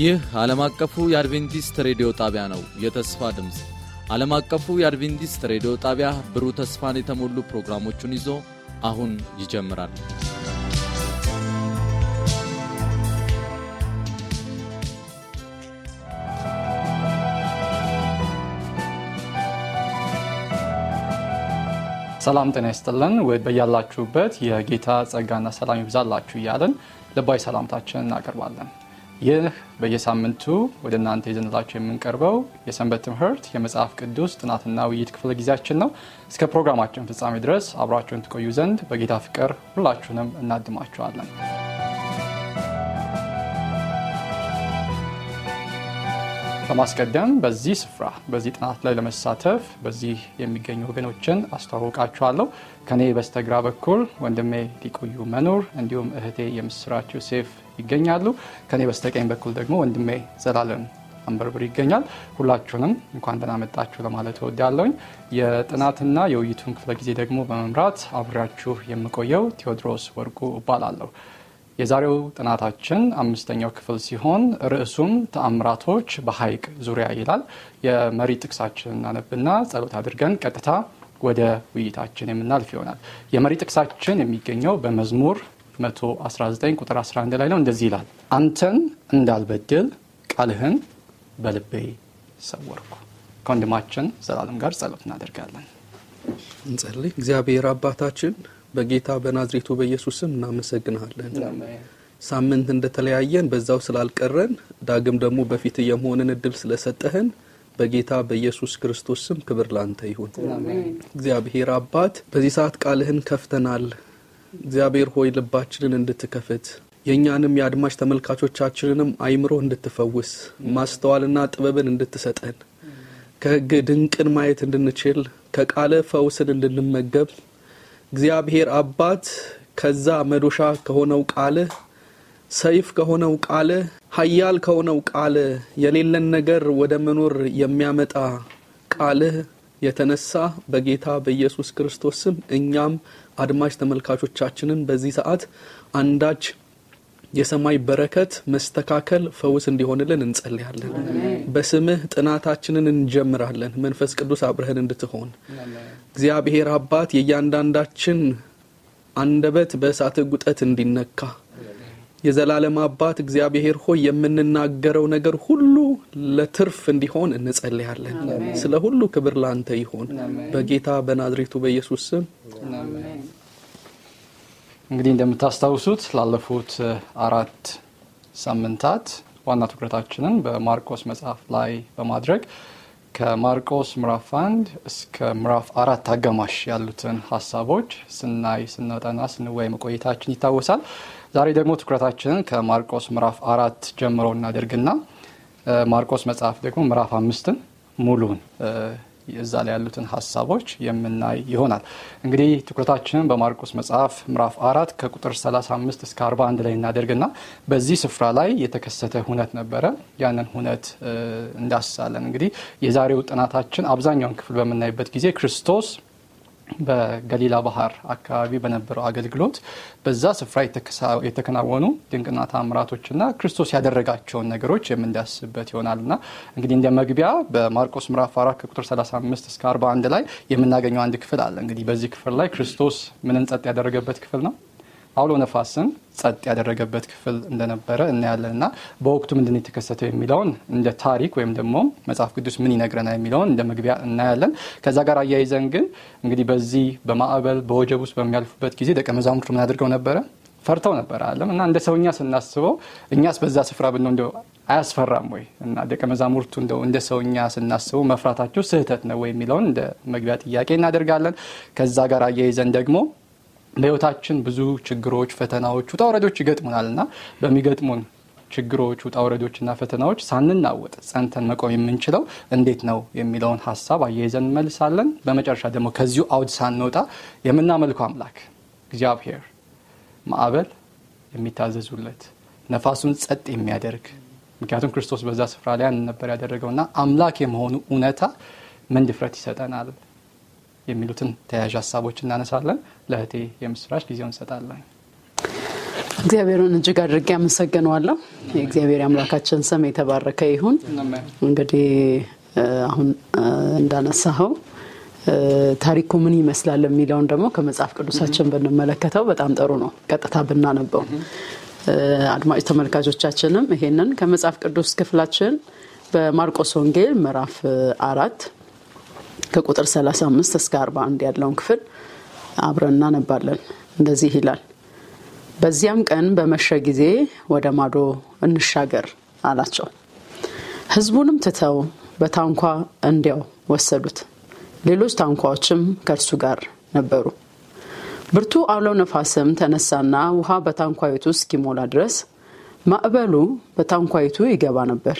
ይህ ዓለም አቀፉ የአድቬንቲስት ሬዲዮ ጣቢያ ነው። የተስፋ ድምፅ ዓለም አቀፉ የአድቬንቲስት ሬዲዮ ጣቢያ ብሩህ ተስፋን የተሞሉ ፕሮግራሞቹን ይዞ አሁን ይጀምራል። ሰላም ጤና ይስጥልን። በያላችሁበት የጌታ ጸጋና ሰላም ይብዛላችሁ እያለን ልባዊ ሰላምታችን እናቀርባለን። ይህ በየሳምንቱ ወደ እናንተ ይዘንላችሁ የምንቀርበው የሰንበት ትምህርት የመጽሐፍ ቅዱስ ጥናትና ውይይት ክፍለ ጊዜያችን ነው። እስከ ፕሮግራማችን ፍጻሜ ድረስ አብራችሁን ትቆዩ ዘንድ በጌታ ፍቅር ሁላችሁንም እናድማችኋለን። በማስቀደም በዚህ ስፍራ በዚህ ጥናት ላይ ለመሳተፍ በዚህ የሚገኙ ወገኖችን አስተዋውቃችኋለሁ። ከኔ በስተግራ በኩል ወንድሜ ሊቆዩ መኖር እንዲሁም እህቴ የምስራችው ሴፍ ይገኛሉ። ከኔ በስተቀኝ በኩል ደግሞ ወንድሜ ዘላለም አንበርብር ይገኛል። ሁላችሁንም እንኳን ደህና መጣችሁ ለማለት እወዳለሁኝ። የጥናትና የውይይቱን ክፍለ ጊዜ ደግሞ በመምራት አብሬያችሁ የምቆየው ቴዎድሮስ ወርቁ እባላለሁ። የዛሬው ጥናታችን አምስተኛው ክፍል ሲሆን ርዕሱም ተአምራቶች በሐይቅ ዙሪያ ይላል። የመሪ ጥቅሳችን እናነብና ጸሎት አድርገን ቀጥታ ወደ ውይይታችን የምናልፍ ይሆናል። የመሪ ጥቅሳችን የሚገኘው በመዝሙር 119 ቁጥር 11 ላይ ነው እንደዚህ ይላል አንተን እንዳልበድል ቃልህን በልቤ ሰወርኩ ከወንድማችን ዘላለም ጋር ጸሎት እናደርጋለን እንጸልይ እግዚአብሔር አባታችን በጌታ በናዝሬቱ በኢየሱስም እናመሰግናለን ሳምንት እንደተለያየን በዛው ስላልቀረን ዳግም ደግሞ በፊት የመሆንን እድል ስለሰጠህን በጌታ በኢየሱስ ክርስቶስ ስም ክብር ላንተ ይሁን እግዚአብሔር አባት በዚህ ሰዓት ቃልህን ከፍተናል እግዚአብሔር ሆይ ልባችንን እንድትከፍት የእኛንም የአድማጭ ተመልካቾቻችንንም አይምሮ እንድትፈውስ ማስተዋልና ጥበብን እንድትሰጠን ከህግ ድንቅን ማየት እንድንችል ከቃለ ፈውስን እንድንመገብ እግዚአብሔር አባት ከዛ መዶሻ ከሆነው ቃለ ሰይፍ ከሆነው ቃለ ሀያል ከሆነው ቃለ የሌለን ነገር ወደ መኖር የሚያመጣ ቃልህ የተነሳ በጌታ በኢየሱስ ክርስቶስ ስም እኛም አድማጭ ተመልካቾቻችንን በዚህ ሰዓት አንዳች የሰማይ በረከት መስተካከል፣ ፈውስ እንዲሆንልን እንጸልያለን። በስምህ ጥናታችንን እንጀምራለን። መንፈስ ቅዱስ አብረህን እንድትሆን እግዚአብሔር አባት የእያንዳንዳችን አንደበት በእሳት ጉጠት እንዲነካ የዘላለም አባት እግዚአብሔር ሆይ የምንናገረው ነገር ሁሉ ለትርፍ እንዲሆን እንጸልያለን። ስለ ሁሉ ክብር ላንተ ይሆን በጌታ በናዝሬቱ በኢየሱስ ስም። እንግዲህ እንደምታስታውሱት ላለፉት አራት ሳምንታት ዋና ትኩረታችንን በማርቆስ መጽሐፍ ላይ በማድረግ ከማርቆስ ምዕራፍ አንድ እስከ ምዕራፍ አራት አጋማሽ ያሉትን ሀሳቦች ስናይ ስናጠና ስንወያይ መቆየታችን ይታወሳል። ዛሬ ደግሞ ትኩረታችንን ከማርቆስ ምዕራፍ አራት ጀምሮ እናደርግና ማርቆስ መጽሐፍ ደግሞ ምዕራፍ አምስትን ሙሉን እዛ ላይ ያሉትን ሀሳቦች የምናይ ይሆናል። እንግዲህ ትኩረታችንን በማርቆስ መጽሐፍ ምራፍ አራት ከቁጥር 35 እስከ 41 ላይ እናደርግና በዚህ ስፍራ ላይ የተከሰተ ሁነት ነበረ። ያንን ሁነት እንዳስሳለን። እንግዲህ የዛሬው ጥናታችን አብዛኛውን ክፍል በምናይበት ጊዜ ክርስቶስ በገሊላ ባህር አካባቢ በነበረው አገልግሎት በዛ ስፍራ የተከናወኑ ድንቅና ና ክርስቶስ ያደረጋቸውን ነገሮች የምንዳስበት ይሆናልና እንግዲህ እንደ መግቢያ በማርቆስ ምራፍ 4 ከቁጥር 35 እስከ 41 ላይ የምናገኘው አንድ ክፍል አለ። እንግዲህ በዚህ ክፍል ላይ ክርስቶስ ምንን ያደረገበት ክፍል ነው። አውሎ ነፋስን ጸጥ ያደረገበት ክፍል እንደነበረ እናያለን እና በወቅቱ ምንድን የተከሰተው የሚለውን እንደ ታሪክ ወይም ደግሞ መጽሐፍ ቅዱስ ምን ይነግረና የሚለውን እንደ መግቢያ እናያለን። ከዛ ጋር አያይዘን ግን እንግዲህ በዚህ በማዕበል በወጀብ ውስጥ በሚያልፉበት ጊዜ ደቀ መዛሙርቱ ምን አድርገው ነበረ? ፈርተው ነበር አለም እና እንደ ሰውኛ ስናስበው እኛስ በዛ ስፍራ ብነው እንደ አያስፈራም ወይ እና ደቀ መዛሙርቱ እንደው እንደ ሰውኛ ስናስበው መፍራታቸው ስህተት ነው ወይ የሚለውን እንደ መግቢያ ጥያቄ እናደርጋለን። ከዛ ጋር አያይዘን ደግሞ በህይወታችን ብዙ ችግሮች፣ ፈተናዎች፣ ውረዶች ይገጥሙናል እና በሚገጥሙን ችግሮች ውጣውረዶችና ፈተናዎች ሳንናወጥ ጸንተን መቆም የምንችለው እንዴት ነው የሚለውን ሀሳብ አያይዘን እንመልሳለን። በመጨረሻ ደግሞ ከዚሁ አውድ ሳንወጣ የምናመልከው አምላክ እግዚአብሔር ማዕበል የሚታዘዙለት ነፋሱን ጸጥ የሚያደርግ ምክንያቱም ክርስቶስ በዛ ስፍራ ላይ ያንን ነበር ያደረገውና አምላክ የመሆኑ እውነታ ምን ድፍረት ይሰጠናል? የሚሉትን ተያዥ ሀሳቦች እናነሳለን። ለእህቴ የምስራች ጊዜው እንሰጣለን። እግዚአብሔርን እጅግ አድርጌ አመሰግነዋለሁ። የእግዚአብሔር አምላካችን ስም የተባረከ ይሁን። እንግዲህ አሁን እንዳነሳኸው ታሪኩ ምን ይመስላል የሚለውን ደግሞ ከመጽሐፍ ቅዱሳችን ብንመለከተው በጣም ጥሩ ነው፣ ቀጥታ ብናነበው። አድማጭ ተመልካቾቻችንም ይሄንን ከመጽሐፍ ቅዱስ ክፍላችን በማርቆስ ወንጌል ምዕራፍ አራት ከቁጥር 35 እስከ 41 ያለውን ክፍል አብረን እናነባለን። እንደዚህ ይላል። በዚያም ቀን በመሸ ጊዜ ወደ ማዶ እንሻገር አላቸው። ህዝቡንም ትተው በታንኳ እንዲያው ወሰዱት። ሌሎች ታንኳዎችም ከእርሱ ጋር ነበሩ። ብርቱ አውሎ ነፋስም ተነሳና ውሃ በታንኳይቱ እስኪሞላ ድረስ ማዕበሉ በታንኳይቱ ይገባ ነበር።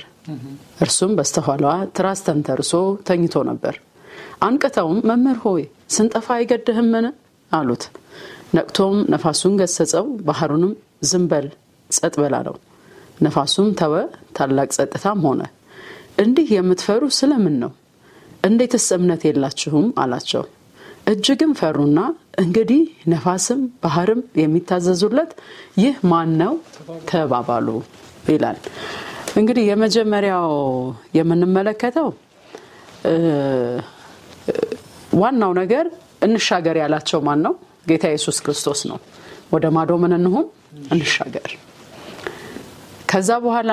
እርሱም በስተኋላዋ ትራስ ተንተርሶ ተኝቶ ነበር። አንቅተውም መምህር ሆይ ስንጠፋ አይገድህምን አሉት። ነቅቶም ነፋሱን ገሰጸው፣ ባህሩንም ዝንበል ጸጥ በል ነፋሱም ተወ፣ ታላቅ ጸጥታም ሆነ። እንዲህ የምትፈሩ ስለምን ነው? እንዴትስ እምነት የላችሁም አላቸው። እጅግም ፈሩና እንግዲህ ነፋስም ባህርም የሚታዘዙለት ይህ ማን ነው ተባባሉ ይላል። እንግዲህ የመጀመሪያው የምንመለከተው ዋናው ነገር እንሻገር ያላቸው ማን ነው? ጌታ ኢየሱስ ክርስቶስ ነው። ወደ ማዶ ምን እንሁን እንሻገር። ከዛ በኋላ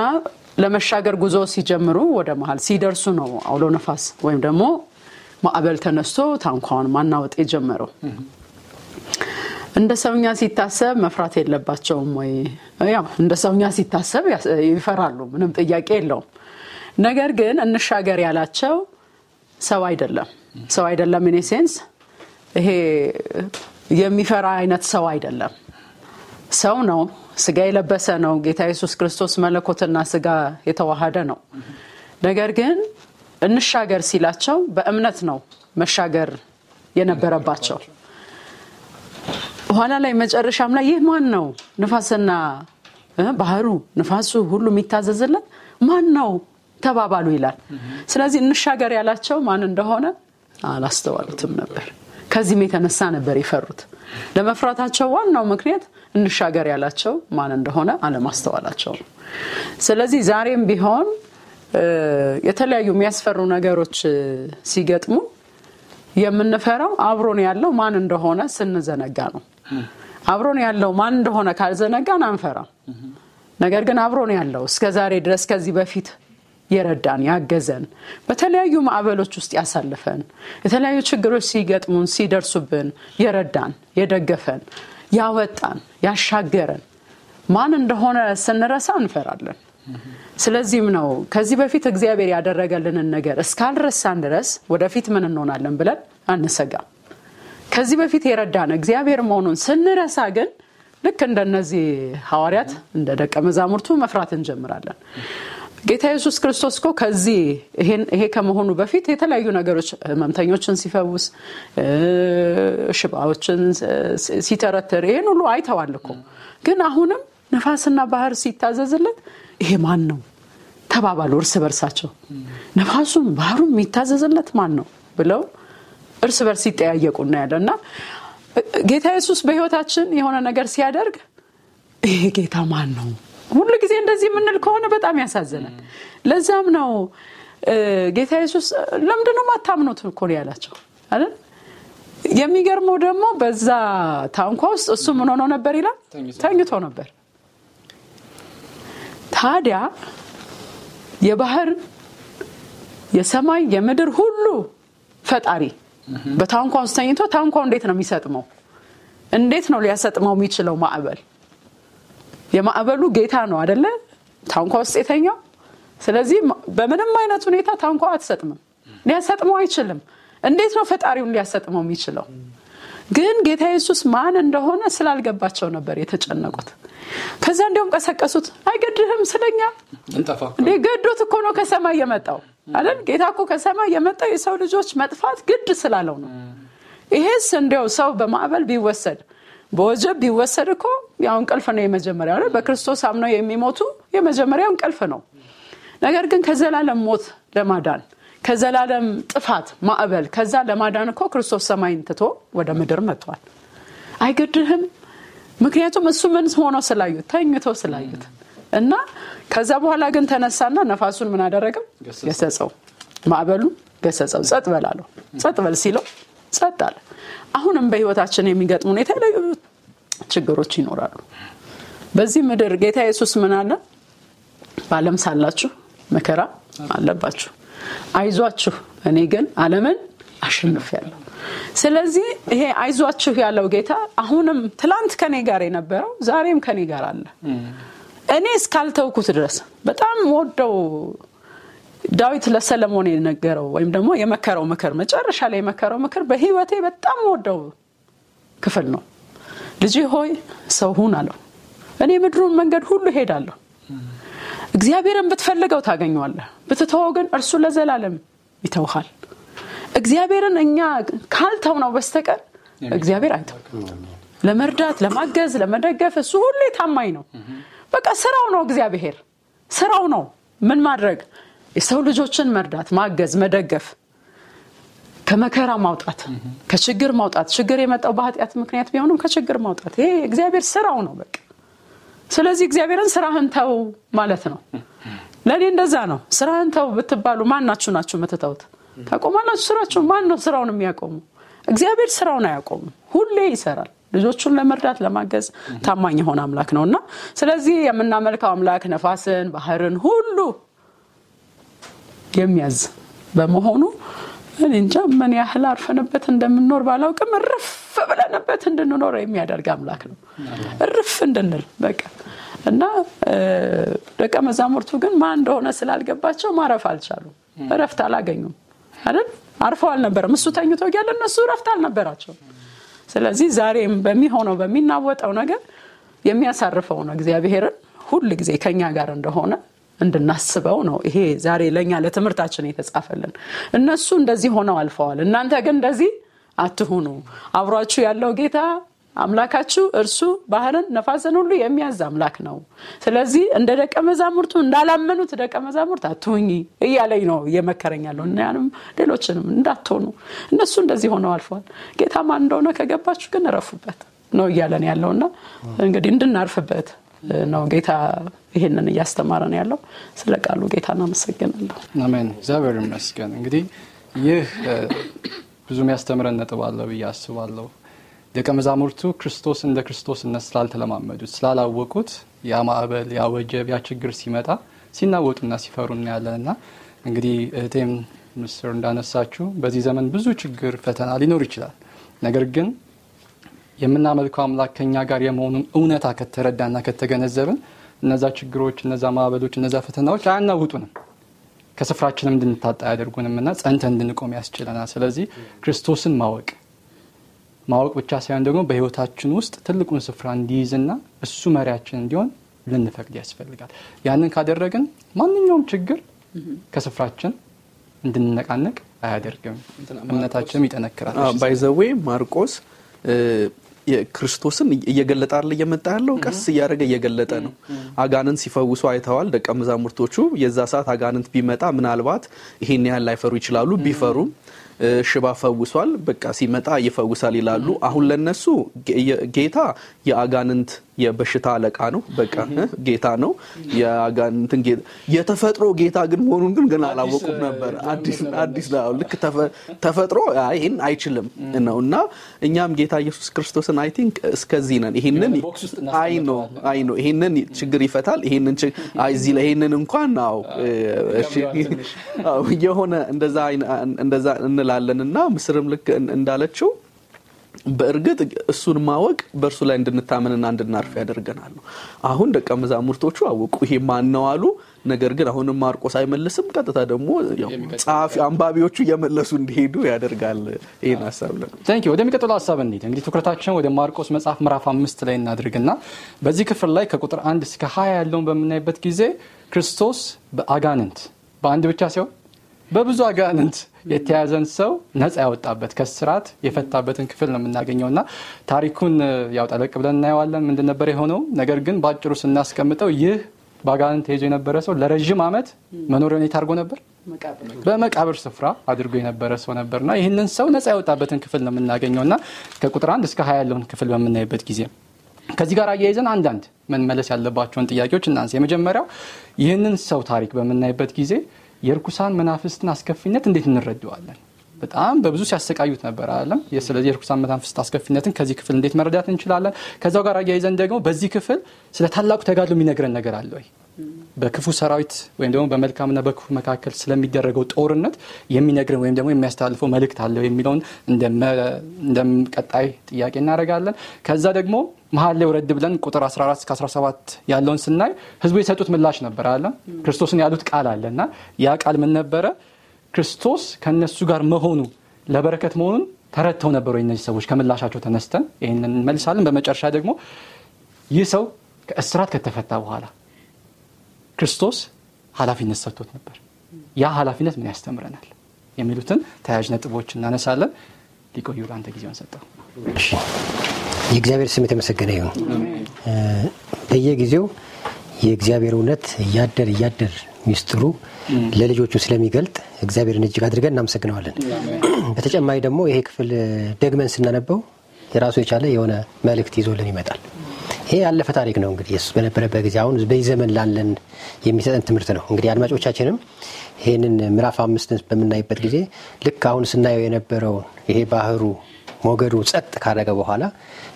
ለመሻገር ጉዞ ሲጀምሩ ወደ መሀል ሲደርሱ ነው አውሎ ነፋስ ወይም ደግሞ ማዕበል ተነስቶ ታንኳውን ማናወጥ የጀመረው። እንደ ሰውኛ ሲታሰብ መፍራት የለባቸውም ወይ? ያው እንደ ሰውኛ ሲታሰብ ይፈራሉ፣ ምንም ጥያቄ የለውም። ነገር ግን እንሻገር ያላቸው ሰው አይደለም ሰው አይደለም። እኔ ሴንስ ይሄ የሚፈራ አይነት ሰው አይደለም። ሰው ነው፣ ስጋ የለበሰ ነው። ጌታ ኢየሱስ ክርስቶስ መለኮትና ስጋ የተዋሃደ ነው። ነገር ግን እንሻገር ሲላቸው በእምነት ነው መሻገር የነበረባቸው። በኋላ ላይ መጨረሻም ላይ ይህ ማን ነው ንፋስና ባህሩ ንፋሱ ሁሉ የሚታዘዝለት ማን ነው ተባባሉ ይላል። ስለዚህ እንሻገር ያላቸው ማን እንደሆነ አላስተዋሉትም ነበር። ከዚህም የተነሳ ነበር የፈሩት። ለመፍራታቸው ዋናው ምክንያት እንሻገር ያላቸው ማን እንደሆነ አለማስተዋላቸው ነው። ስለዚህ ዛሬም ቢሆን የተለያዩ የሚያስፈሩ ነገሮች ሲገጥሙ የምንፈራው አብሮን ያለው ማን እንደሆነ ስንዘነጋ ነው። አብሮን ያለው ማን እንደሆነ ካልዘነጋን አንፈራም። ነገር ግን አብሮን ያለው እስከ ዛሬ ድረስ ከዚህ በፊት የረዳን ያገዘን በተለያዩ ማዕበሎች ውስጥ ያሳልፈን የተለያዩ ችግሮች ሲገጥሙን ሲደርሱብን የረዳን የደገፈን ያወጣን ያሻገረን ማን እንደሆነ ስንረሳ እንፈራለን። ስለዚህም ነው ከዚህ በፊት እግዚአብሔር ያደረገልንን ነገር እስካልረሳን ድረስ ወደፊት ምን እንሆናለን ብለን አንሰጋም። ከዚህ በፊት የረዳን እግዚአብሔር መሆኑን ስንረሳ ግን ልክ እንደነዚህ ሐዋርያት እንደ ደቀ መዛሙርቱ መፍራት እንጀምራለን። ጌታ ኢየሱስ ክርስቶስ እኮ ከዚህ ይሄ ከመሆኑ በፊት የተለያዩ ነገሮች ህመምተኞችን ሲፈውስ፣ ሽባዎችን ሲተረትር ይህን ሁሉ አይተዋል እኮ። ግን አሁንም ነፋስና ባህር ሲታዘዝለት ይሄ ማን ነው ተባባሉ እርስ በርሳቸው። ነፋሱም ባህሩም የሚታዘዝለት ማን ነው ብለው እርስ በርስ ይጠያየቁ እናያለን። እና ጌታ ኢየሱስ በህይወታችን የሆነ ነገር ሲያደርግ ይሄ ጌታ ማን ነው ሁሉ ጊዜ እንደዚህ የምንል ከሆነ በጣም ያሳዝናል። ለዛም ነው ጌታ የሱስ ለምንድነው ማታምኖት እኮ ያላቸው አይደል? የሚገርመው ደግሞ በዛ ታንኳ ውስጥ እሱ ምን ሆኖ ነበር ይላል፣ ተኝቶ ነበር። ታዲያ የባህር የሰማይ የምድር ሁሉ ፈጣሪ በታንኳ ውስጥ ተኝቶ ታንኳ እንዴት ነው የሚሰጥመው? እንዴት ነው ሊያሰጥመው የሚችለው ማዕበል? የማዕበሉ ጌታ ነው አደለ? ታንኳ ውስጥ የተኛው። ስለዚህ በምንም አይነት ሁኔታ ታንኳ አትሰጥምም፣ ሊያሰጥመው አይችልም። እንዴት ነው ፈጣሪውን ሊያሰጥመው የሚችለው? ግን ጌታ ኢየሱስ ማን እንደሆነ ስላልገባቸው ነበር የተጨነቁት። ከዛ እንዲሁም ቀሰቀሱት፣ አይገድህም ስለኛ እንዴ ገዶት እኮ ነው ከሰማይ የመጣው አይደል? ጌታ እኮ ከሰማይ የመጣው የሰው ልጆች መጥፋት ግድ ስላለው ነው። ይሄስ እንዲያው ሰው በማዕበል ቢወሰድ በወጀብ ቢወሰድ እኮ ያው እንቅልፍ ነው የመጀመሪያ በክርስቶስ አምነው የሚሞቱ የመጀመሪያው እንቅልፍ ነው። ነገር ግን ከዘላለም ሞት ለማዳን ከዘላለም ጥፋት ማዕበል ከዛ ለማዳን እኮ ክርስቶስ ሰማይን ትቶ ወደ ምድር መጥቷል። አይገድህም። ምክንያቱም እሱ ምን ሆኖ ስላዩት ተኝቶ ስላዩት እና ከዛ በኋላ ግን ተነሳና ነፋሱን ምን አደረገም? ገሰጸው። ማዕበሉ ገሰጸው። ጸጥ በል ጸጥ በል ሲለው ጸጥ አለ። አሁንም በህይወታችን የሚገጥሙን የተለዩ ችግሮች ይኖራሉ። በዚህ ምድር ጌታ ኢየሱስ ምን አለ? በዓለም ሳላችሁ መከራ አለባችሁ፣ አይዟችሁ እኔ ግን ዓለምን አሸንፌያለሁ። ስለዚህ ይሄ አይዟችሁ ያለው ጌታ አሁንም ትላንት ከኔ ጋር የነበረው ዛሬም ከኔ ጋር አለ እኔ እስካልተውኩት ድረስ በጣም ወደው ዳዊት ለሰለሞን የነገረው ወይም ደግሞ የመከረው ምክር መጨረሻ ላይ የመከረው ምክር በህይወቴ በጣም ወደው ክፍል ነው። ልጅ ሆይ ሰው ሁን አለው። እኔ ምድሩን መንገድ ሁሉ ሄዳለሁ። እግዚአብሔርን ብትፈልገው ታገኘዋለህ፣ ብትተወው ግን እርሱ ለዘላለም ይተውሃል። እግዚአብሔርን እኛ ካልተው ነው በስተቀር እግዚአብሔር አይተው። ለመርዳት፣ ለማገዝ፣ ለመደገፍ እሱ ሁሌ ታማኝ ነው። በቃ ስራው ነው፣ እግዚአብሔር ስራው ነው ምን ማድረግ የሰው ልጆችን መርዳት፣ ማገዝ፣ መደገፍ፣ ከመከራ ማውጣት፣ ከችግር ማውጣት። ችግር የመጣው በኃጢአት ምክንያት ቢሆንም ከችግር ማውጣት ይሄ እግዚአብሔር ስራው ነው በቃ። ስለዚህ እግዚአብሔርን ስራህን ተው ማለት ነው። ለእኔ እንደዛ ነው። ስራህን ተው ብትባሉ ማናችሁ ናችሁ ምትተውት ታቆማላችሁ ስራችሁ። ማን ነው ስራውን የሚያቆሙ? እግዚአብሔር ስራውን አያቆሙ ሁሌ ይሰራል። ልጆቹን ለመርዳት ለማገዝ ታማኝ የሆነ አምላክ ነው እና ስለዚህ የምናመልከው አምላክ ነፋስን፣ ባህርን ሁሉ የሚያዝ በመሆኑ እንጃ ምን ያህል አርፈንበት እንደምንኖር ባላውቅም እርፍ ብለንበት እንድንኖር የሚያደርግ አምላክ ነው። እርፍ እንድንል በቃ እና ደቀ መዛሙርቱ ግን ማን እንደሆነ ስላልገባቸው ማረፍ አልቻሉ? እረፍት አላገኙም አይደል? አርፈው አልነበረም። እሱ ተኝቶ ያለ እነሱ እረፍት አልነበራቸውም። ስለዚህ ዛሬም በሚሆነው በሚናወጠው ነገር የሚያሳርፈው ነው እግዚአብሔርን ሁል ጊዜ ከኛ ጋር እንደሆነ እንድናስበው ነው። ይሄ ዛሬ ለእኛ ለትምህርታችን የተጻፈልን። እነሱ እንደዚህ ሆነው አልፈዋል። እናንተ ግን እንደዚህ አትሁኑ። አብሯችሁ ያለው ጌታ አምላካችሁ እርሱ ባህርን፣ ነፋስን ሁሉ የሚያዝ አምላክ ነው። ስለዚህ እንደ ደቀ መዛሙርቱ እንዳላመኑት ደቀ መዛሙርት አትሁኝ እያለኝ ነው እየመከረኝ ያለው። ሌሎችንም እንዳትሆኑ እነሱ እንደዚህ ሆነው አልፈዋል። ጌታ ማን እንደሆነ ከገባችሁ ግን እረፉበት ነው እያለን ያለውና እንግዲህ እንድናርፍበት ነው ጌታ ይህንን እያስተማረ ነው ያለው። ስለ ቃሉ ጌታ እናመሰግናለሁ። አሜን። እግዚአብሔር ይመስገን። እንግዲህ ይህ ብዙ የሚያስተምረን ነጥብ አለው ብዬ አስባለሁ። ደቀ መዛሙርቱ ክርስቶስ እንደ ክርስቶስነት ስላልተለማመዱት ስላላወቁት ያ ማዕበል፣ ያ ወጀብ፣ ያ ችግር ሲመጣ ሲናወጡና ሲፈሩ እናያለን እና እንግዲህ እህቴም ምስር እንዳነሳችሁ በዚህ ዘመን ብዙ ችግር፣ ፈተና ሊኖር ይችላል። ነገር ግን የምናመልከው አምላክ ከኛ ጋር የመሆኑን እውነታ ከተረዳና ከተገነዘብን እነዛ ችግሮች፣ እነዛ ማዕበሎች፣ እነዛ ፈተናዎች አያናውጡንም ከስፍራችንም እንድንታጣ ያደርጉንም እና ጸንተን እንድንቆም ያስችለናል። ስለዚህ ክርስቶስን ማወቅ ማወቅ ብቻ ሳይሆን ደግሞ በህይወታችን ውስጥ ትልቁን ስፍራ እንዲይዝና እሱ መሪያችን እንዲሆን ልንፈቅድ ያስፈልጋል። ያንን ካደረግን ማንኛውም ችግር ከስፍራችን እንድንነቃነቅ አያደርግም፣ እምነታችንም ይጠነክራል። ባይዘዌ ማርቆስ ክርስቶስን እየገለጠ አለ እየመጣ ያለው ቀስ እያደረገ እየገለጠ ነው። አጋንንት ሲፈውሱ አይተዋል ደቀ መዛሙርቶቹ። የዛ ሰዓት አጋንንት ቢመጣ ምናልባት ይሄን ያህል ላይፈሩ ይችላሉ። ቢፈሩም ሽባ ፈውሷል፣ በቃ ሲመጣ ይፈውሳል ይላሉ። አሁን ለነሱ ጌታ የአጋንንት የበሽታ አለቃ ነው። በቃ ጌታ ነው። የአጋንንትን የተፈጥሮ ጌታ ግን መሆኑን ግን ገና አላወቁም ነበር። አዲስ ልክ ተፈጥሮ ይህን አይችልም ነው እና እኛም ጌታ ኢየሱስ ክርስቶስን አይ ቲንክ እስከዚህ ነን። ይህንን አይ ነው አይ ነው ይህንን ችግር ይፈታል። ይህንን እዚህ ላይ ይህንን እንኳን ው የሆነ እንደዛ እንላለን እና ምስርም ልክ እንዳለችው በእርግጥ እሱን ማወቅ በእርሱ ላይ እንድንታመንና እንድናርፍ ያደርገናል ነው። አሁን ደቀ መዛሙርቶቹ አወቁ፣ ይሄ ማን ነው አሉ። ነገር ግን አሁንም ማርቆስ አይመልስም። ቀጥታ ደግሞ ጸሐፊ አንባቢዎቹ እየመለሱ እንዲሄዱ ያደርጋል። ይህን ሀሳብ ለነው ወደሚቀጥለው ሀሳብ እንሂድ። እንግዲህ ትኩረታችን ወደ ማርቆስ መጽሐፍ ምዕራፍ አምስት ላይ እናድርግና በዚህ ክፍል ላይ ከቁጥር አንድ እስከ ሀያ ያለውን በምናይበት ጊዜ ክርስቶስ በአጋንንት በአንድ ብቻ ሲሆን በብዙ አጋንንት የተያዘን ሰው ነጻ ያወጣበት ከስርዓት የፈታበትን ክፍል ነው የምናገኘው እና ታሪኩን ያው ጠለቅ ብለን እናየዋለን ምንድነበር የሆነው። ነገር ግን በአጭሩ ስናስቀምጠው ይህ ባጋንንት ተይዞ የነበረ ሰው ለረዥም ዓመት መኖሪያውን የት አድርጎ ነበር? በመቃብር ስፍራ አድርጎ የነበረ ሰው ና ይህንን ሰው ነጻ ያወጣበትን ክፍል ነው የምናገኘውና ከቁጥር አንድ እስከ ሀያ ያለውን ክፍል በምናይበት ጊዜ ከዚህ ጋር አያይዘን አንዳንድ መመለስ ያለባቸውን ጥያቄዎች እናንስ። የመጀመሪያው ይህንን ሰው ታሪክ በምናይበት ጊዜ የእርኩሳን መናፍስትን አስከፊነት እንዴት እንረዳዋለን? በጣም በብዙ ሲያሰቃዩት ነበር አለም። ስለዚህ የርኩሳን መናፍስት አስከፊነትን ከዚህ ክፍል እንዴት መረዳት እንችላለን? ከዛው ጋር አያይዘን ደግሞ በዚህ ክፍል ስለ ታላቁ ተጋድሎ የሚነግረን ነገር አለ ወይ? በክፉ ሰራዊት ወይም ደግሞ በመልካምና በክፉ መካከል ስለሚደረገው ጦርነት የሚነግርን ወይም ደግሞ የሚያስተላልፈው መልእክት አለው የሚለውን እንደቀጣይ ጥያቄ እናደርጋለን። ከዛ ደግሞ መሀል ላይ ውረድ ብለን ቁጥር 14 እስከ 17 ያለውን ስናይ ህዝቡ የሰጡት ምላሽ ነበር አለ ክርስቶስን ያሉት ቃል አለ እና ያ ቃል ምን ነበረ? ክርስቶስ ከእነሱ ጋር መሆኑ ለበረከት መሆኑን ተረድተው ነበሩ እነዚህ ሰዎች። ከምላሻቸው ተነስተን ይህንን እንመልሳለን። በመጨረሻ ደግሞ ይህ ሰው ከእስራት ከተፈታ በኋላ ክርስቶስ ኃላፊነት ሰጥቶት ነበር። ያ ኃላፊነት ምን ያስተምረናል የሚሉትን ተያያዥ ነጥቦች እናነሳለን። ሊቆዩ ለአንተ ጊዜውን ሰጠው። የእግዚአብሔር ስም የተመሰገነ ይሁን። በየጊዜው የእግዚአብሔር እውነት እያደር እያደር ሚስጥሩ ለልጆቹ ስለሚገልጥ እግዚአብሔርን እጅግ አድርገን እናመሰግነዋለን። በተጨማሪ ደግሞ ይሄ ክፍል ደግመን ስናነበው የራሱ የቻለ የሆነ መልእክት ይዞልን ይመጣል። ይሄ ያለፈ ታሪክ ነው። እንግዲህ ኢየሱስ በነበረበት ጊዜ አሁን በዚህ ዘመን ላለን የሚሰጠን ትምህርት ነው። እንግዲህ አድማጮቻችንም ይህንን ምዕራፍ አምስት በምናይበት ጊዜ ልክ አሁን ስናየው የነበረው ይሄ ባህሩ ሞገዱ ጸጥ ካረገ በኋላ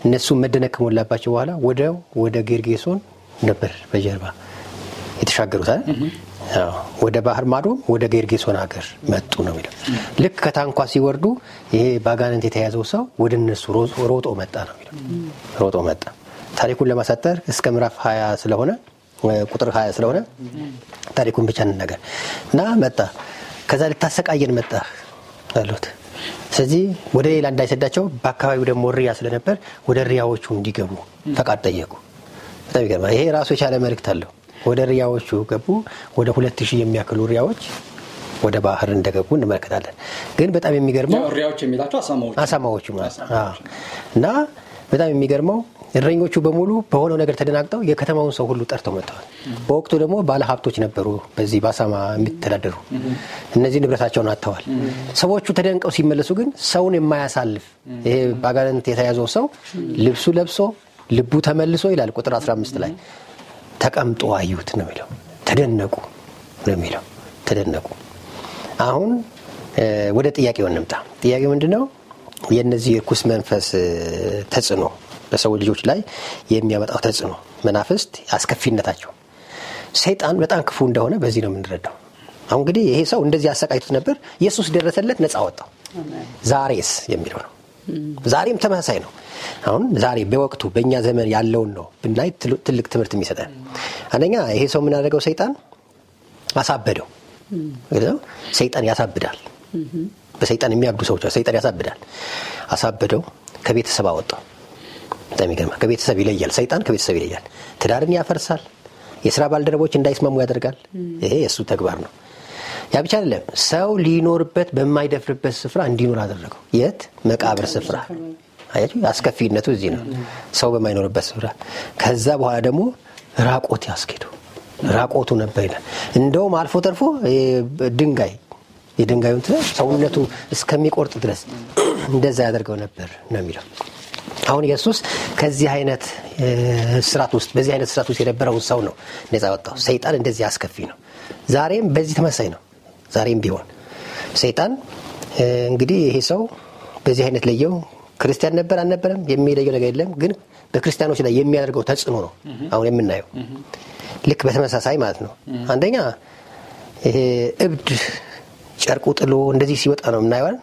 እነሱ መደነቅ ከሞላባቸው በኋላ ወደ ወደ ጌርጌሶን ነበር በጀርባ የተሻገሩት አይደል? ወደ ባህር ማዶ ወደ ጌርጌሶን ሀገር መጡ ነው የሚለው። ልክ ከታንኳ ሲወርዱ ይሄ በአጋንንት የተያዘው ሰው ወደ እነሱ ሮጦ መጣ ነው የሚለው። ሮጦ መጣ ታሪኩን ለማሳጠር እስከ ምዕራፍ ሀያ ስለሆነ ቁጥር ሀያ ስለሆነ ታሪኩን ብቻ እንነገር እና መጣ ከዛ ልታሰቃየን መጣ አሉት። ስለዚህ ወደ ሌላ እንዳይሰዳቸው በአካባቢው ደግሞ ሪያ ስለነበር ወደ ሪያዎቹ እንዲገቡ ፈቃድ ጠየቁ። በጣም ይገርማል። ይሄ ራሱ የቻለ መልእክት አለው። ወደ ሪያዎቹ ገቡ። ወደ ሁለት ሺህ የሚያክሉ ሪያዎች ወደ ባህር እንደገቡ እንመለከታለን። ግን በጣም የሚገርመው ሪያዎች የሚላቸው አሳማዎቹ እና በጣም የሚገርመው እረኞቹ በሙሉ በሆነው ነገር ተደናግጠው የከተማውን ሰው ሁሉ ጠርተው መጥተዋል። በወቅቱ ደግሞ ባለ ሀብቶች ነበሩ፣ በዚህ በአሳማ የሚተዳደሩ እነዚህ ንብረታቸውን አጥተዋል። ሰዎቹ ተደንቀው ሲመለሱ ግን ሰውን የማያሳልፍ ይሄ በአጋንንት የተያዘው ሰው ልብሱ ለብሶ ልቡ ተመልሶ ይላል ቁጥር 15 ላይ ተቀምጦ አዩት ነው የሚለው። ተደነቁ ነው የሚለው። ተደነቁ። አሁን ወደ ጥያቄው እንምጣ። ጥያቄው ምንድን ነው? የእነዚህ እርኩስ መንፈስ ተጽዕኖ በሰው ልጆች ላይ የሚያመጣው ተጽዕኖ መናፍስት አስከፊነታቸው ሰይጣን በጣም ክፉ እንደሆነ በዚህ ነው የምንረዳው። አሁን እንግዲህ ይሄ ሰው እንደዚህ አሰቃይቶት ነበር፣ ኢየሱስ ደረሰለት፣ ነፃ ወጣው። ዛሬስ የሚለው ነው። ዛሬም ተመሳሳይ ነው። አሁን ዛሬ በወቅቱ በእኛ ዘመን ያለውን ነው ብናይ ትልቅ ትምህርት የሚሰጠን አንደኛ፣ ይሄ ሰው የምናደርገው ሰይጣን አሳበደው። ሰይጣን ያሳብዳል በሰይጣን የሚያብዱ ሰዎች ሰይጣን ያሳብዳል። አሳብደው ከቤተሰብ አወጣው። በጣም ይገርማል። ከቤተሰብ ይለያል። ሰይጣን ከቤተሰብ ይለያል። ትዳርን ያፈርሳል። የስራ ባልደረቦች እንዳይስማሙ ያደርጋል። ይሄ የእሱ ተግባር ነው። ያ ብቻ አይደለም። ሰው ሊኖርበት በማይደፍርበት ስፍራ እንዲኖር አደረገው። የት? መቃብር ስፍራ። አያችሁ፣ አስከፊነቱ እዚህ ነው። ሰው በማይኖርበት ስፍራ። ከዛ በኋላ ደግሞ ራቆት ያስኬዱ ራቆቱ ነበር ይላል። እንደውም አልፎ ተርፎ ድንጋይ የድንጋዩ ሰውነቱ እስከሚቆርጥ ድረስ እንደዛ ያደርገው ነበር ነው የሚለው። አሁን ኢየሱስ ከዚህ አይነት ስርዓት ውስጥ በዚህ አይነት ስርዓት ውስጥ የነበረውን ሰው ነው ነፃ ወጣው ሰይጣን እንደዚህ አስከፊ ነው። ዛሬም በዚህ ተመሳይ ነው። ዛሬም ቢሆን ሰይጣን እንግዲህ ይሄ ሰው በዚህ አይነት ለየው ክርስቲያን ነበር አልነበረም የሚለየው ነገር የለም። ግን በክርስቲያኖች ላይ የሚያደርገው ተጽዕኖ ነው አሁን የምናየው። ልክ በተመሳሳይ ማለት ነው። አንደኛ ይሄ እብድ ጨርቁ ጥሎ እንደዚህ ሲወጣ ነው የምናየዋል።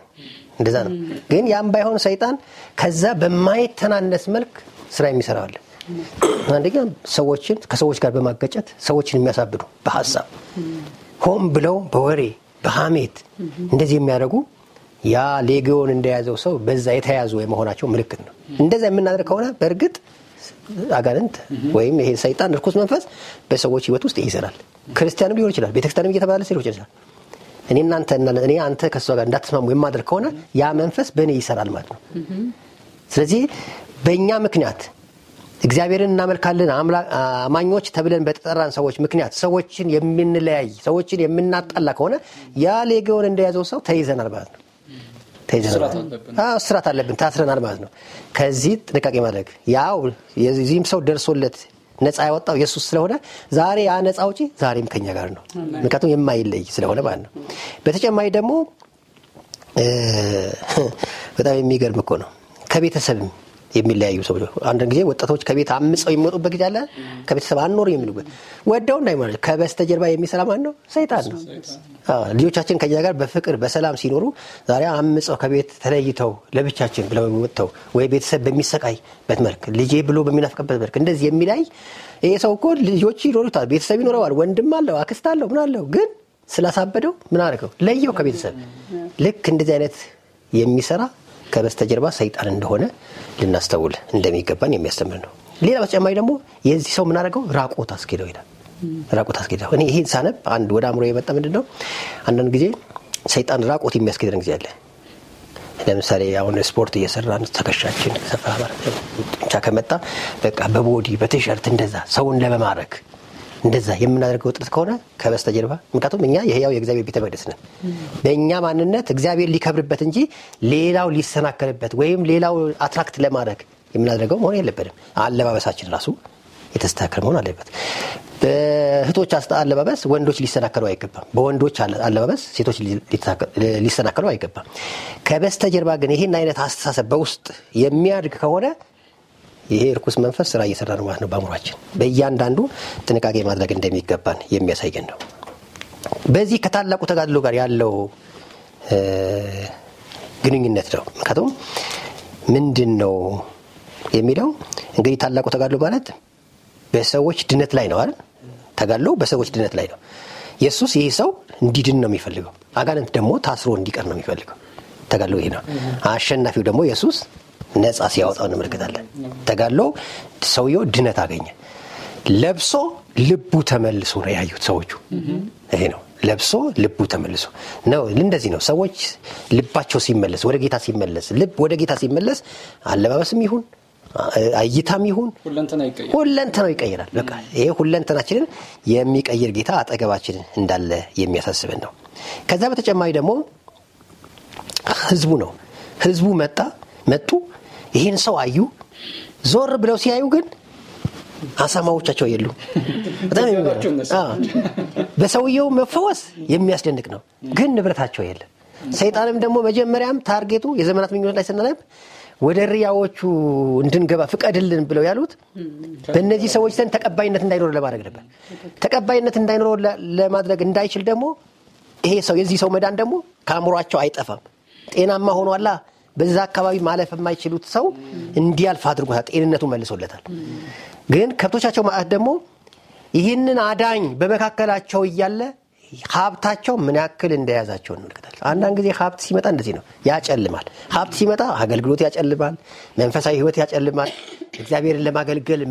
እንደዛ ነው። ግን ያም ባይሆን ሰይጣን ከዛ በማይተናነስ መልክ ስራ የሚሰራዋል። አንደኛ ሰዎችን ከሰዎች ጋር በማገጨት ሰዎችን የሚያሳብዱ በሀሳብ ሆም ብለው በወሬ በሀሜት እንደዚህ የሚያደርጉ ያ ሌጊዮን እንደያዘው ሰው በዛ የተያዙ የመሆናቸው ምልክት ነው። እንደዛ የምናደርግ ከሆነ በእርግጥ አጋንንት ወይም ይሄ ሰይጣን ርኩስ መንፈስ በሰዎች ህይወት ውስጥ ይሰራል። ክርስቲያንም ሊሆን ይችላል፣ ቤተክርስቲያንም እየተባለ ሊሆን ይችላል። እኔ እናንተ እኔ አንተ ከእሷ ጋር እንዳትስማሙ የማደርግ ከሆነ ያ መንፈስ በእኔ ይሰራል ማለት ነው። ስለዚህ በእኛ ምክንያት እግዚአብሔርን እናመልካለን አማኞች ተብለን በተጠራን ሰዎች ምክንያት ሰዎችን የምንለያይ ሰዎችን የምናጣላ ከሆነ ያ ሌጌውን እንደያዘው ሰው ተይዘናል ማለት ነው። ስራት አለብን ታስረናል ማለት ነው። ከዚህ ጥንቃቄ ማድረግ ያው የዚህም ሰው ደርሶለት ነፃ ያወጣው ኢየሱስ ስለሆነ ዛሬ ያ ነፃ አውጪ ዛሬም ከኛ ጋር ነው። ምክንያቱም የማይለይ ስለሆነ ማለት ነው። በተጨማሪ ደግሞ በጣም የሚገርም እኮ ነው ከቤተሰብም የሚለያዩ ሰዎች አንዳንድ ጊዜ ወጣቶች ከቤት አምፀው የሚወጡበት ጊዜ አለ። ከቤተሰብ አንኖር የሚሉበት ወደው እና ከበስተጀርባ የሚሰራ ማን ነው? ሰይጣን ነው። ልጆቻችን ከኛ ጋር በፍቅር በሰላም ሲኖሩ ዛሬ አምፀው ከቤት ተለይተው ለብቻችን ብለው ወጥተው ወይ ቤተሰብ በሚሰቃይበት መልክ ልጄ ብሎ በሚናፍቅበት መልክ እንደዚህ የሚለያይ ይሄ ሰው እኮ ልጆች ይኖሩታል፣ ቤተሰብ ይኖረዋል፣ ወንድም አለው፣ አክስት አለው፣ ምን አለው ግን ስላሳበደው ምን አደረገው? ለየው ከቤተሰብ ልክ እንደዚህ አይነት የሚሰራ ከበስተጀርባ ሰይጣን እንደሆነ ልናስተውል እንደሚገባን የሚያስተምር ነው። ሌላ በተጨማሪ ደግሞ የዚህ ሰው የምናደርገው ራቆት አስኬደው ይላል። ራቆት አስኬደው እኔ ይህን ሳነብ አንድ ወደ አእምሮ የመጣ ምንድን ነው አንዳንድ ጊዜ ሰይጣን ራቆት የሚያስኬደን ጊዜ አለ። ለምሳሌ አሁን ስፖርት እየሰራን ተከሻችን ሰፋ ብቻ ከመጣ በቃ በቦዲ በቲሸርት እንደዛ ሰውን ለመማረክ እንደዛ የምናደርገው ጥረት ከሆነ ከበስተጀርባ ምክንያቱም እኛ የህያው የእግዚአብሔር ቤተ መቅደስ ነን። በእኛ ማንነት እግዚአብሔር ሊከብርበት እንጂ ሌላው ሊሰናከልበት ወይም ሌላው አትራክት ለማድረግ የምናደርገው መሆን የለበትም። አለባበሳችን ራሱ የተስተካከል መሆን አለበት። በእህቶች አለባበስ ወንዶች ሊሰናከሉ አይገባም። በወንዶች አለባበስ ሴቶች ሊሰናከሉ አይገባም። ከበስተጀርባ ግን ይህን አይነት አስተሳሰብ በውስጥ የሚያድግ ከሆነ ይሄ እርኩስ መንፈስ ስራ እየሰራ ነው ማለት ነው። በአእምሯችን በእያንዳንዱ ጥንቃቄ ማድረግ እንደሚገባን የሚያሳየን ነው። በዚህ ከታላቁ ተጋድሎ ጋር ያለው ግንኙነት ነው። ምክንያቱም ምንድን ነው የሚለው እንግዲህ ታላቁ ተጋድሎ ማለት በሰዎች ድነት ላይ ነው አይደል? ተጋድሎ በሰዎች ድነት ላይ ነው። ኢየሱስ ይህ ሰው እንዲድን ነው የሚፈልገው። አጋንንት ደግሞ ታስሮ እንዲቀር ነው የሚፈልገው። ተጋድሎ ይሄ ነው። አሸናፊው ደግሞ ኢየሱስ ነጻ ሲያወጣው እንመለከታለን። ተጋድሎ ሰውየው ድነት አገኘ። ለብሶ ልቡ ተመልሶ ነው ያዩት ሰዎቹ። ይሄ ነው ለብሶ ልቡ ተመልሶ ነው። እንደዚህ ነው ሰዎች ልባቸው ሲመለስ ወደ ጌታ ሲመለስ፣ ልብ ወደ ጌታ ሲመለስ አለባበስም ይሁን እይታም ይሁን ሁለንተናው ይቀይራል። በቃ ይሄ ሁለንተናችንን የሚቀይር ጌታ አጠገባችንን እንዳለ የሚያሳስበን ነው። ከዛ በተጨማሪ ደግሞ ህዝቡ ነው። ህዝቡ መጣ መጡ ይህን ሰው አዩ። ዞር ብለው ሲያዩ ግን አሳማዎቻቸው የሉ በሰውየው መፈወስ የሚያስደንቅ ነው። ግን ንብረታቸው የለም። ሰይጣንም ደግሞ መጀመሪያም ታርጌቱ የዘመናት ምኞት ላይ ስናነብ ወደ ርያዎቹ እንድንገባ ፍቀድልን ብለው ያሉት በእነዚህ ሰዎች ዘንድ ተቀባይነት እንዳይኖረ ለማድረግ ነበር። ተቀባይነት እንዳይኖረ ለማድረግ እንዳይችል ደግሞ ይሄ ሰው የዚህ ሰው መዳን ደግሞ ከአእምሯቸው አይጠፋም። ጤናማ ሆኗላ በዛ አካባቢ ማለፍ የማይችሉት ሰው እንዲያልፍ አድርጎታል። ጤንነቱ መልሶለታል። ግን ከብቶቻቸው ማጣት ደግሞ ይህንን አዳኝ በመካከላቸው እያለ ሀብታቸው ምን ያክል እንደያዛቸው እንመለከታለን። አንዳንድ ጊዜ ሀብት ሲመጣ እንደዚህ ነው፣ ያጨልማል። ሀብት ሲመጣ አገልግሎት ያጨልማል፣ መንፈሳዊ ህይወት ያጨልማል። እግዚአብሔርን ለማገልገል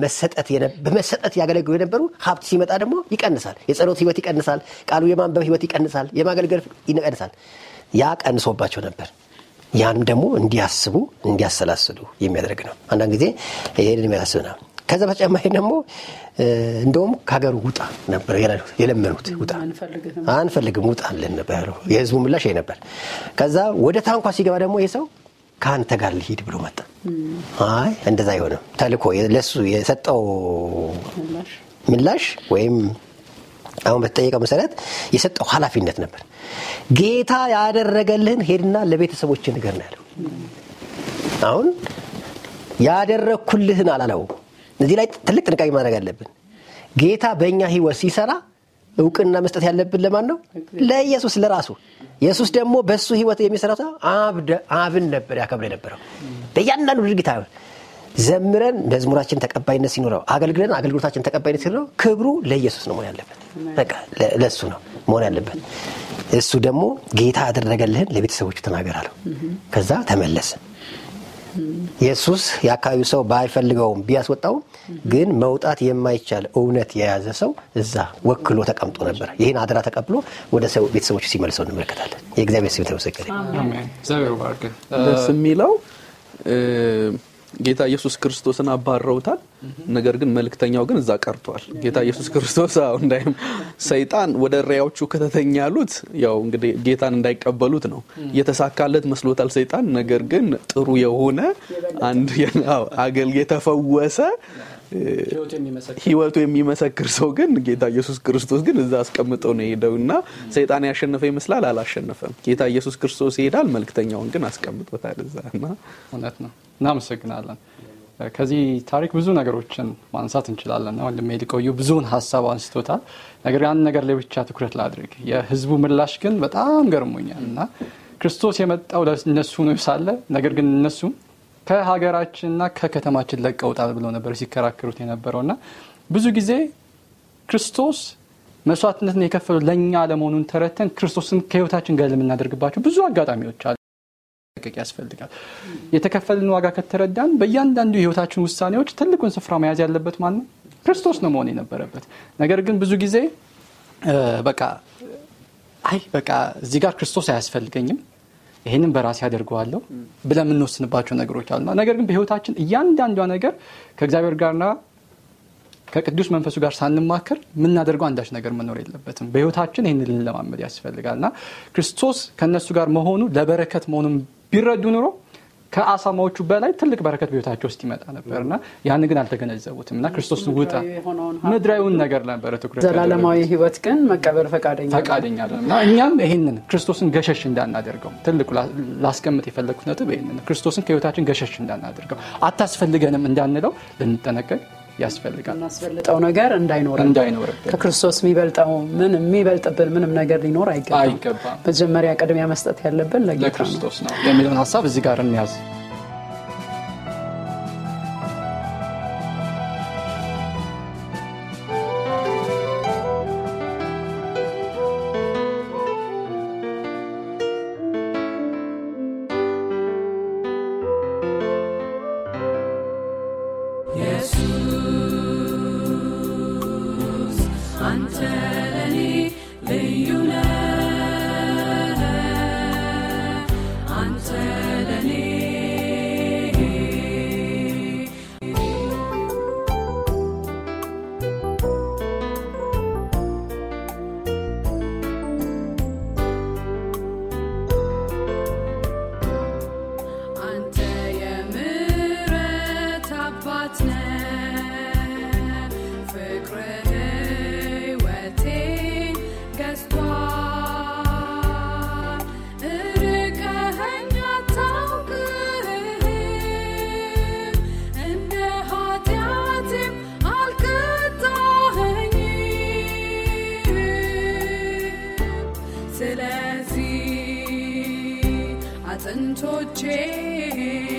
በመሰጠት ያገለግሉ የነበሩ ሀብት ሲመጣ ደግሞ ይቀንሳል። የጸሎት ህይወት ይቀንሳል፣ ቃሉ የማንበብ ህይወት ይቀንሳል፣ የማገልገል ይቀንሳል። ያ ቀንሶባቸው ነበር። ያም ደግሞ እንዲያስቡ እንዲያሰላስሉ የሚያደርግ ነው። አንዳንድ ጊዜ ይህንን የሚያሳስብ ነው። ከዛ በተጨማሪ ደግሞ እንደውም ከሀገሩ ውጣ ነበር የለመኑት። ውጣ አንፈልግም ውጣ አለን ነበር ያለው። የህዝቡ ምላሽ ነበር። ከዛ ወደ ታንኳ ሲገባ ደግሞ ይሄ ሰው ከአንተ ጋር ልሂድ ብሎ መጣ። አይ እንደዛ አይሆንም፣ ተልኮ ለሱ የሰጠው ምላሽ ወይም አሁን በተጠየቀው መሰረት የሰጠው ኃላፊነት ነበር። ጌታ ያደረገልህን ሄድና ለቤተሰቦች ንገር ነው ያለው። አሁን ያደረግኩልህን አላለው። እዚህ ላይ ትልቅ ጥንቃቄ ማድረግ አለብን። ጌታ በእኛ ህይወት ሲሰራ እውቅና መስጠት ያለብን ለማን ነው? ለኢየሱስ ለራሱ። ኢየሱስ ደግሞ በእሱ ህይወት የሚሰራ አብን ነበር ያከብር የነበረው በእያንዳንዱ ድርጊት ዘምረን መዝሙራችን ተቀባይነት ሲኖረው አገልግለን አገልግሎታችን ተቀባይነት ሲኖረው ክብሩ ለኢየሱስ ነው መሆን ያለበት። በቃ ለእሱ ነው መሆን ያለበት። እሱ ደግሞ ጌታ ያደረገልህን ለቤተሰቦቹ ተናገር አለው። ከዛ ተመለስ። ኢየሱስ የአካባቢው ሰው ባይፈልገውም ቢያስወጣውም ግን መውጣት የማይቻል እውነት የያዘ ሰው እዛ ወክሎ ተቀምጦ ነበር። ይህን አደራ ተቀብሎ ወደ ሰው ቤተሰቦች ሲመልሰው እንመለከታለን። የእግዚአብሔር ስም ተመሰገነ። ደስ የሚለው ጌታ ኢየሱስ ክርስቶስን አባረውታል። ነገር ግን መልክተኛው ግን እዛ ቀርቷል። ጌታ ኢየሱስ ክርስቶስ እንዳይም ሰይጣን ወደ ሪያዎቹ ከተተኛ ያሉት ያው እንግዲህ ጌታን እንዳይቀበሉት ነው። የተሳካለት መስሎታል ሰይጣን። ነገር ግን ጥሩ የሆነ አንድ አገልጌ ተፈወሰ ህይወቱ የሚመሰክር ሰው ግን ጌታ ኢየሱስ ክርስቶስ ግን እዛ አስቀምጠው ነው ሄደው እና ሰይጣን ያሸነፈ ይመስላል፣ አላሸነፈም። ጌታ ኢየሱስ ክርስቶስ ይሄዳል፣ መልክተኛውን ግን አስቀምጦታል እዛ እና እውነት ነው። እናመሰግናለን። ከዚህ ታሪክ ብዙ ነገሮችን ማንሳት እንችላለን። ወንድሜ ሊቆዩ ብዙውን ሀሳብ አንስቶታል። ነገር አንድ ነገር ላይ ብቻ ትኩረት ላድርግ። የህዝቡ ምላሽ ግን በጣም ገርሞኛል እና ክርስቶስ የመጣው ለእነሱ ነው ሳለ ነገር ግን እነሱም ከሀገራችንና ከከተማችን ለቀውጣል ብለው ነበር ሲከራከሩት እና ብዙ ጊዜ ክርስቶስ መስዋዕትነትን የከፈሉ ለእኛ ለመሆኑን ተረተን ክርስቶስን ከህይወታችን ጋር ለምናደርግባቸው ብዙ አጋጣሚዎች አሉ። ያስፈልጋል። የተከፈልን ዋጋ ከተረዳን በእያንዳንዱ የህይወታችን ውሳኔዎች ትልቁን ስፍራ መያዝ ያለበት ማን ነው? ክርስቶስ ነው መሆን የነበረበት። ነገር ግን ብዙ ጊዜ በቃ አይ በቃ እዚህ ጋር ክርስቶስ አያስፈልገኝም ይህንን በራሴ ያደርገዋለሁ ብለን የምንወስንባቸው ነገሮች አሉና ነገር ግን በህይወታችን እያንዳንዷ ነገር ከእግዚአብሔር ጋርና ከቅዱስ መንፈሱ ጋር ሳንማከር የምናደርገው አንዳች ነገር መኖር የለበትም። በህይወታችን ይህን ልንለማመድ እና ክርስቶስ ከእነሱ ጋር መሆኑ ለበረከት መሆኑን ቢረዱ ኑሮ ከአሳማዎቹ በላይ ትልቅ በረከት በህይወታቸው ውስጥ ይመጣ ነበር እና ያን ግን አልተገነዘቡትም እና ክርስቶስ ውጣ ምድራዊውን ነገር ነበረ ትኩረት ዘላለማዊ ህይወት ግን መቀበል ፈቃደኛ ፈቃደኛ እና እኛም ይህንን ክርስቶስን ገሸሽ እንዳናደርገው ትልቁ ላስቀምጥ የፈለግኩት ነጥብ ይህንን ክርስቶስን ከህይወታችን ገሸሽ እንዳናደርገው አታስፈልገንም እንዳንለው ልንጠነቀቅ ያስፈልጋል። የምናስበልጠው ነገር እንዳይኖር ከክርስቶስ የሚበልጠው ምን የሚበልጥብን ምንም ነገር ሊኖር አይገባም። መጀመሪያ ቅድሚያ መስጠት ያለብን ለጌታ ነው የሚለውን ሀሳብ እዚህ ጋር እንያዝ። until çek